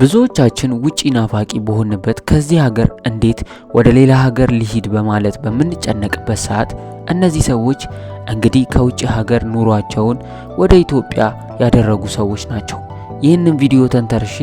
ብዙዎቻችን ውጪ ናፋቂ በሆንበት ከዚህ ሀገር እንዴት ወደ ሌላ ሀገር ሊሂድ በማለት በምንጨነቅበት ሰዓት እነዚህ ሰዎች እንግዲህ ከውጭ ሀገር ኑሯቸውን ወደ ኢትዮጵያ ያደረጉ ሰዎች ናቸው። ይህንን ቪዲዮ ተንተርሼ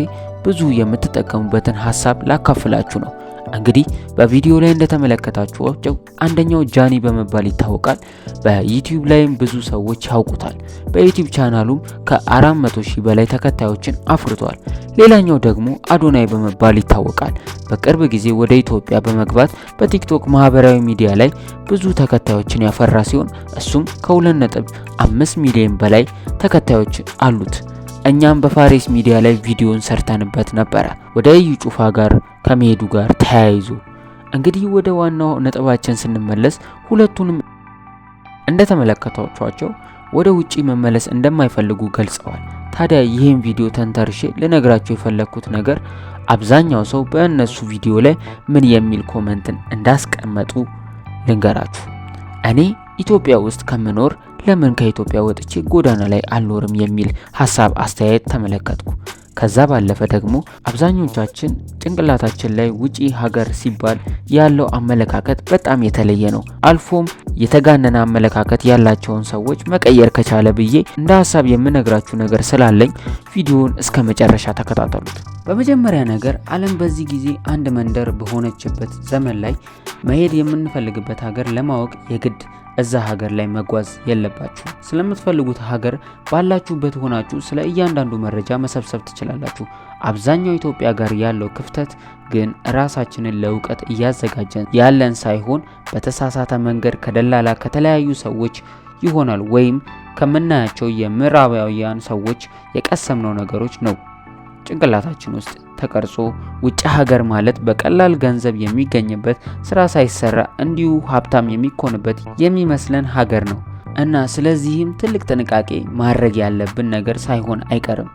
ብዙ የምትጠቀሙበትን ሀሳብ ላካፍላችሁ ነው። እንግዲህ በቪዲዮ ላይ እንደተመለከታችኋቸው አንደኛው ጃኒ በመባል ይታወቃል። በዩቲዩብ ላይም ብዙ ሰዎች ያውቁታል። በዩቲዩብ ቻናሉም ከ400 ሺህ በላይ ተከታዮችን አፍርቷል። ሌላኛው ደግሞ አዶናይ በመባል ይታወቃል። በቅርብ ጊዜ ወደ ኢትዮጵያ በመግባት በቲክቶክ ማህበራዊ ሚዲያ ላይ ብዙ ተከታዮችን ያፈራ ሲሆን እሱም ከ2.5 ሚሊዮን በላይ ተከታዮች አሉት። እኛም በፋሬስ ሚዲያ ላይ ቪዲዮን ሰርተንበት ነበረ። ወደ እዩ ጩፋ ጋር ከመሄዱ ጋር ተያይዞ እንግዲህ ወደ ዋናው ነጥባችን ስንመለስ ሁለቱንም እንደተመለከታችኋቸው ወደ ውጪ መመለስ እንደማይፈልጉ ገልጸዋል። ታዲያ ይህን ቪዲዮ ተንተርሼ ልነግራቸው የፈለግኩት ነገር አብዛኛው ሰው በእነሱ ቪዲዮ ላይ ምን የሚል ኮመንትን እንዳስቀመጡ ልንገራችሁ። እኔ ኢትዮጵያ ውስጥ ከምኖር ለምን ከኢትዮጵያ ወጥቼ ጎዳና ላይ አልኖርም የሚል ሀሳብ አስተያየት ተመለከትኩ። ከዛ ባለፈ ደግሞ አብዛኞቻችን ጭንቅላታችን ላይ ውጪ ሀገር ሲባል ያለው አመለካከት በጣም የተለየ ነው። አልፎም የተጋነነ አመለካከት ያላቸውን ሰዎች መቀየር ከቻለ ብዬ እንደ ሀሳብ የምነግራችሁ ነገር ስላለኝ ቪዲዮውን እስከ መጨረሻ ተከታተሉት። በመጀመሪያ ነገር ዓለም በዚህ ጊዜ አንድ መንደር በሆነችበት ዘመን ላይ መሄድ የምንፈልግበት ሀገር ለማወቅ የግድ እዛ ሀገር ላይ መጓዝ የለባችሁ። ስለምትፈልጉት ሀገር ባላችሁበት ሆናችሁ ስለ እያንዳንዱ መረጃ መሰብሰብ ትችላላችሁ። አብዛኛው ኢትዮጵያ ጋር ያለው ክፍተት ግን ራሳችንን ለእውቀት እያዘጋጀን ያለን ሳይሆን በተሳሳተ መንገድ ከደላላ ከተለያዩ ሰዎች ይሆናል ወይም ከምናያቸው የምዕራባውያን ሰዎች የቀሰምነው ነገሮች ነው። ጭንቅላታችን ውስጥ ተቀርጾ ውጭ ሀገር ማለት በቀላል ገንዘብ የሚገኝበት ስራ ሳይሰራ እንዲሁ ሀብታም የሚኮንበት የሚመስለን ሀገር ነው እና ስለዚህም ትልቅ ጥንቃቄ ማድረግ ያለብን ነገር ሳይሆን አይቀርም።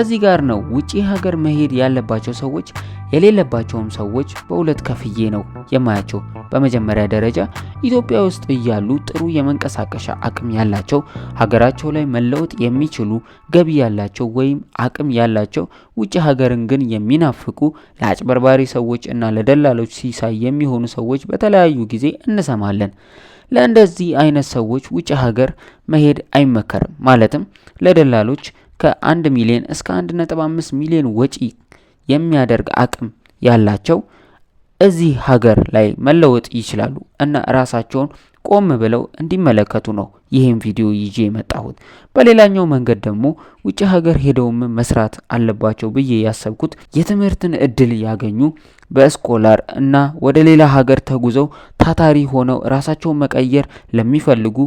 እዚህ ጋር ነው ውጪ ሀገር መሄድ ያለባቸው ሰዎች የሌለባቸውም ሰዎች በሁለት ከፍዬ ነው የማያቸው። በመጀመሪያ ደረጃ ኢትዮጵያ ውስጥ እያሉ ጥሩ የመንቀሳቀሻ አቅም ያላቸው ሀገራቸው ላይ መለወጥ የሚችሉ ገቢ ያላቸው ወይም አቅም ያላቸው ውጭ ሀገርን ግን የሚናፍቁ ለአጭበርባሪ ሰዎች እና ለደላሎች ሲሳይ የሚሆኑ ሰዎች በተለያዩ ጊዜ እንሰማለን። ለእንደዚህ አይነት ሰዎች ውጭ ሀገር መሄድ አይመከርም። ማለትም ለደላሎች ከ1 ሚሊዮን እስከ 1.5 ሚሊዮን ወጪ የሚያደርግ አቅም ያላቸው እዚህ ሀገር ላይ መለወጥ ይችላሉ እና ራሳቸውን ቆም ብለው እንዲመለከቱ ነው ይህም ቪዲዮ ይዤ የመጣሁት። በሌላኛው መንገድ ደግሞ ውጭ ሀገር ሄደውም መስራት አለባቸው ብዬ ያሰብኩት የትምህርትን እድል ያገኙ በስኮላር እና ወደ ሌላ ሀገር ተጉዘው ታታሪ ሆነው ራሳቸውን መቀየር ለሚፈልጉ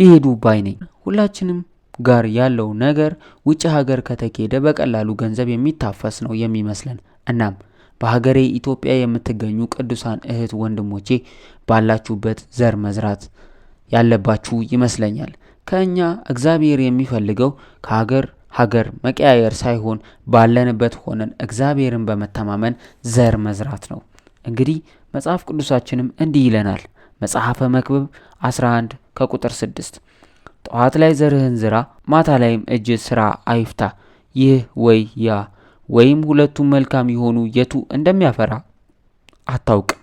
ቢሄዱ ባይ ነኝ። ሁላችንም ጋር ያለው ነገር ውጭ ሀገር ከተኬደ በቀላሉ ገንዘብ የሚታፈስ ነው የሚመስለን። እናም በሀገሬ ኢትዮጵያ የምትገኙ ቅዱሳን እህት ወንድሞቼ ባላችሁበት ዘር መዝራት ያለባችሁ ይመስለኛል። ከእኛ እግዚአብሔር የሚፈልገው ከሀገር ሀገር መቀያየር ሳይሆን ባለንበት ሆነን እግዚአብሔርን በመተማመን ዘር መዝራት ነው። እንግዲህ መጽሐፍ ቅዱሳችንም እንዲህ ይለናል። መጽሐፈ መክብብ 11 ከቁጥር 6 ጠዋት ላይ ዘርህን ዝራ፣ ማታ ላይም እጅ ስራ አይፍታ። ይህ ወይ ያ ወይም ሁለቱም መልካም የሆኑ የቱ እንደሚያፈራ አታውቅም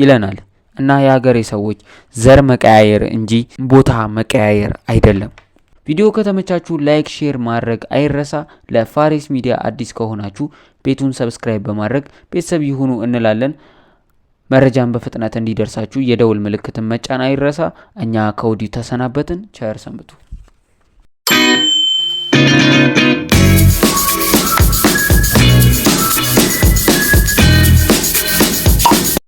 ይለናል። እና የሀገሬ ሰዎች ዘር መቀያየር እንጂ ቦታ መቀያየር አይደለም። ቪዲዮ ከተመቻችሁ ላይክ፣ ሼር ማድረግ አይረሳ። ለፋሪስ ሚዲያ አዲስ ከሆናችሁ ቤቱን ሰብስክራይብ በማድረግ ቤተሰብ ይሁኑ እንላለን። መረጃን በፍጥነት እንዲደርሳችሁ የደውል ምልክትን መጫን አይረሳ። እኛ ከወዲሁ ተሰናበትን። ቸር ሰንብቱ።